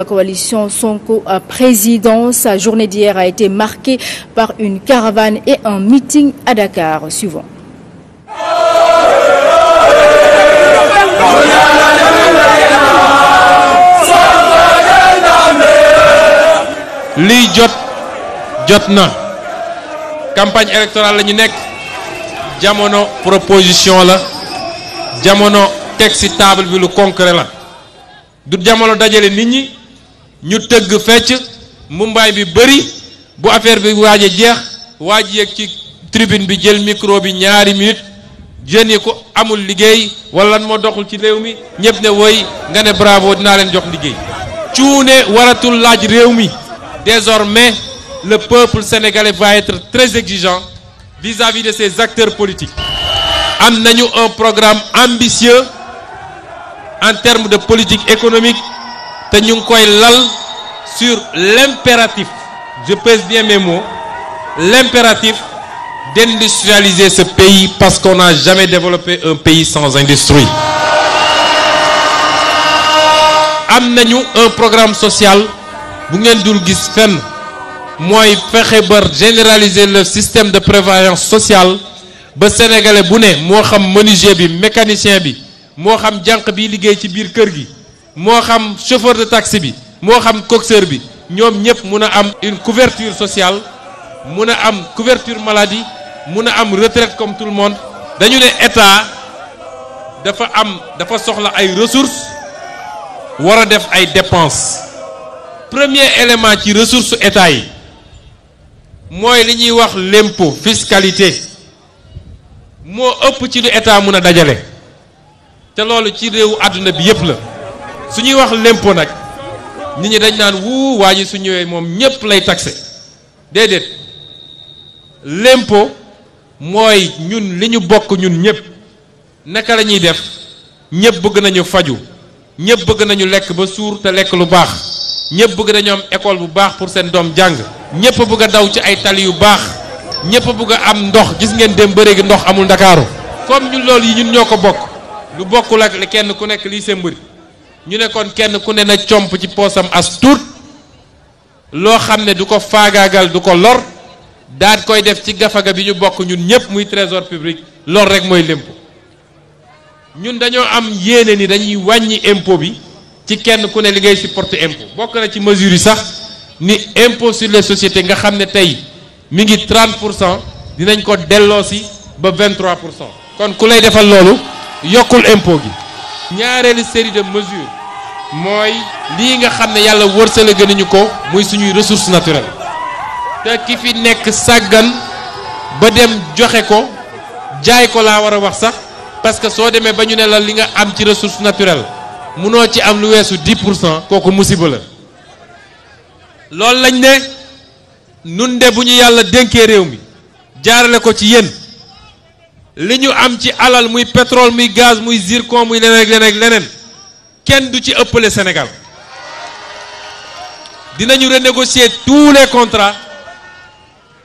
La coalition Sonko à président, sa journée d'hier a été marquée par une caravane et un meeting à Dakar. Suivant. lii jot campagne électorale la proposition la jamono texte table bi lu concret la du jamono ñu tëgg fecc mumbai bi beuri bu affaire bi waji jeex waji yeeg ci tribune bi jël micro bi ñaari minute jeunes ko amul liggéey wala mo doxul ci rewmi mi ne woy nga ne bravo dina len jox liggéey ciune waratul laaj rewmi désormais le peuple sénégalais va être très exigeant vis-à-vis de ses acteurs politiques am nañu un programme ambitieux en termes de politique économique nous ñu koy lal sur l'impératif je pèse bien mes mots l'impératif d'industrialiser ce pays parce qu'on n'a jamais développé un pays sans industrie Nous avons un programme social bu ngeen dul gis fenn généraliser le système de prévoyance sociale ba sénégalais bu ne moo xam menuisier bi mécanicien bi moo xam jànq bi liggéey ci biir je xam chauffeur de taxi bi je xam coxeur bi nous avons am une couverture sociale nous avons am couverture maladie nous avons am retraite comme tout le monde dañu né état dafa am dafa soxla ay ressources wara des def ay dépenses premier élément ci ressources état yi moy li ñuy wax l'impôt fiscalité mo ëpp ci lu état mun a dajale te loolu ci réewu aduna bi yépp la su ñuy wax nak, nag nit ñi dañ naan wuu waa ji su ñëwee moom ñépp lay taxé déedéet l'impôt mooy ñun li ñun naka def ñépp bëgg nañu faju nyep bëgg nañu lek ba suur te lek lu baax ñépp bëgg nañu am école bu baax pour seen dom jàng ñépp bëgg a daw ci ay tali yu baax bëgg am ndox gis ngeen dem ba léegi ndox amul ndakaaru comme ñun loolu yi ñun ñoo ko lu kenn ku ñu ne kon kenn ku ne na comp ci poosam as tuut loo xam ne du ko faagaagal du ko lor daat koy def ci gafaga bi ñu bokk ñun ñëpp muy trésor public lor rek mooy lémpo ñun dañoo am yéene ni dañuy wàññi impôt bi ci kenn ku ne li ngay supporter impôt bokk na ci mesure yi sax ni impôt sur les sociétés nga xam ne tey mi ngi 30 pour cent dinañ ko delloo si ba 23 pour cent kon ku lay defal loolu yokkul impôt gi ñaareelu série de mesures mooy lii nga xam ne yàlla wërsële gënuñu ko muy suñuy ressources naturelles te ki fi nekk sàggan ba dem joxe ko jaay ko laa war a wax sax parce que soo demee ba ñu ne la li nga am ci ressource naturelle munoo ci am lu weesu 10 kooku musiba la loolu lañ ne nun de bu ñu yàlla dénkee réew mi jaarale ko ci yéen li ñu am ci alal muy pétrole muy gaz muy zircon muy leneen ak leneen ak leneen kenn du ci ëppale Sénégal dinañu renégocier tous les contrats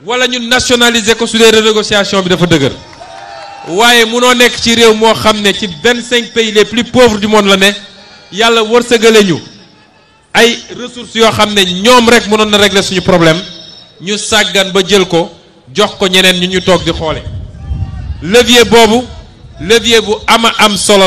wala ñu nationaliser ko su dee renégociation bi dafa dëgër waaye munoo nekk ci réew ci 25 pays les plus pauvres du monde la ne yàlla wërsëgale ñu ay ressources yoo xam ne rek na régler suñu problème ñu sàggan ba jël ko jox ko ñeneen ñu ñu di levier levier bu ama am solo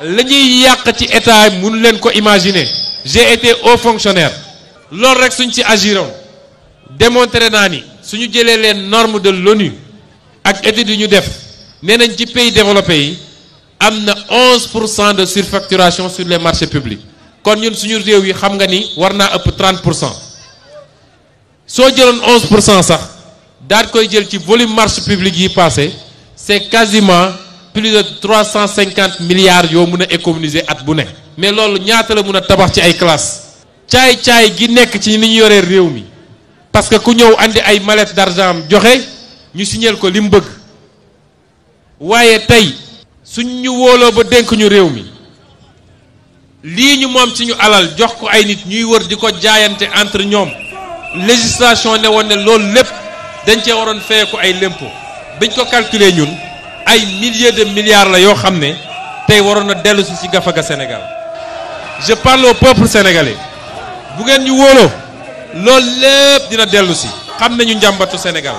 la ñuy yàq ci état mënu ko imaginer j'ai été haut fonctionnaire Lorsque rek suñ ci démontrer Démontrer naa ni suñu jëlé les norme de l'ONU ak étude yu ñu def nee ci pays développé yi 11 de surfacturation sur les marchés publics kon ñun suñu réew yi xam nga ni warna ëpp 30 So cent 11 sax daal koy jël ci volume marché public yi passé c'est quasiment plus de trois cent cinquante milliards yoo mun a économiser at bu ne mais loolu ñaata la mun a tabax ci ay classes caay-caay gi nekk ci li ñu yoree réew mi parce que ku ñëw indi ay mallette d'argent joxe ñu signeel ko li bëgg waaye tey suñ ñu wóoloo ba dénk ñu réew mi lii ñu moom ci ñu alal jox ko ay nit ñuy wër di ko jaayante entre ñoom législation ne woon ne loolu lépp dañ cee waroon feye ko ay lémpo biñ ko calculer ñun ay milliers de milliards la yo xamné tay warona delu ci dellu si Sénégal je parle au peuple sénégalais bu ngeen ñu wolo de lepp dina delu ci xam ñu njàmbatu Sénégal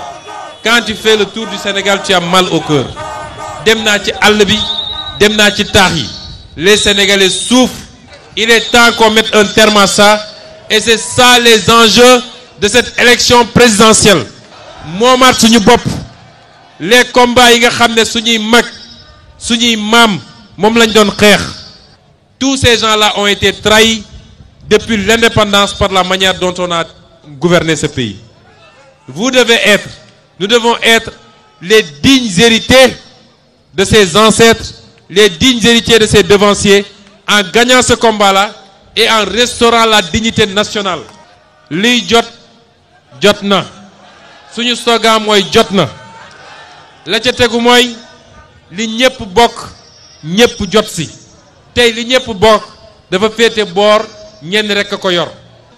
quand tu fais le tour du Sénégal tu as mal au cœur dem ci all bi dem ci les Sénégalais souffrent il est temps qu'on mette un terme à ça et c'est ça les enjeux de cette élection présidentielle moo maat suñu bop les combats tous ces gens-là ont été trahis depuis l'indépendance par la manière dont on a gouverné ce pays vous devez être nous devons être les dignes héritiers de ces ancêtres les dignes héritiers de ces devanciers en gagnant ce combat-là et en restaurant la dignité nationale li jot jotna, suñu la ca tegu moy li ñepp bok ñepp jot si tay li ñepp bok dafa fété bor ñen rek ko yor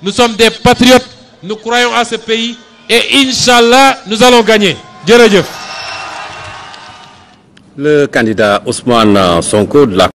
nous sommes des patriotes nous croyons à ce pays et inshallah, nous allons gagner jeuf le candidat Ousmane Sonko de la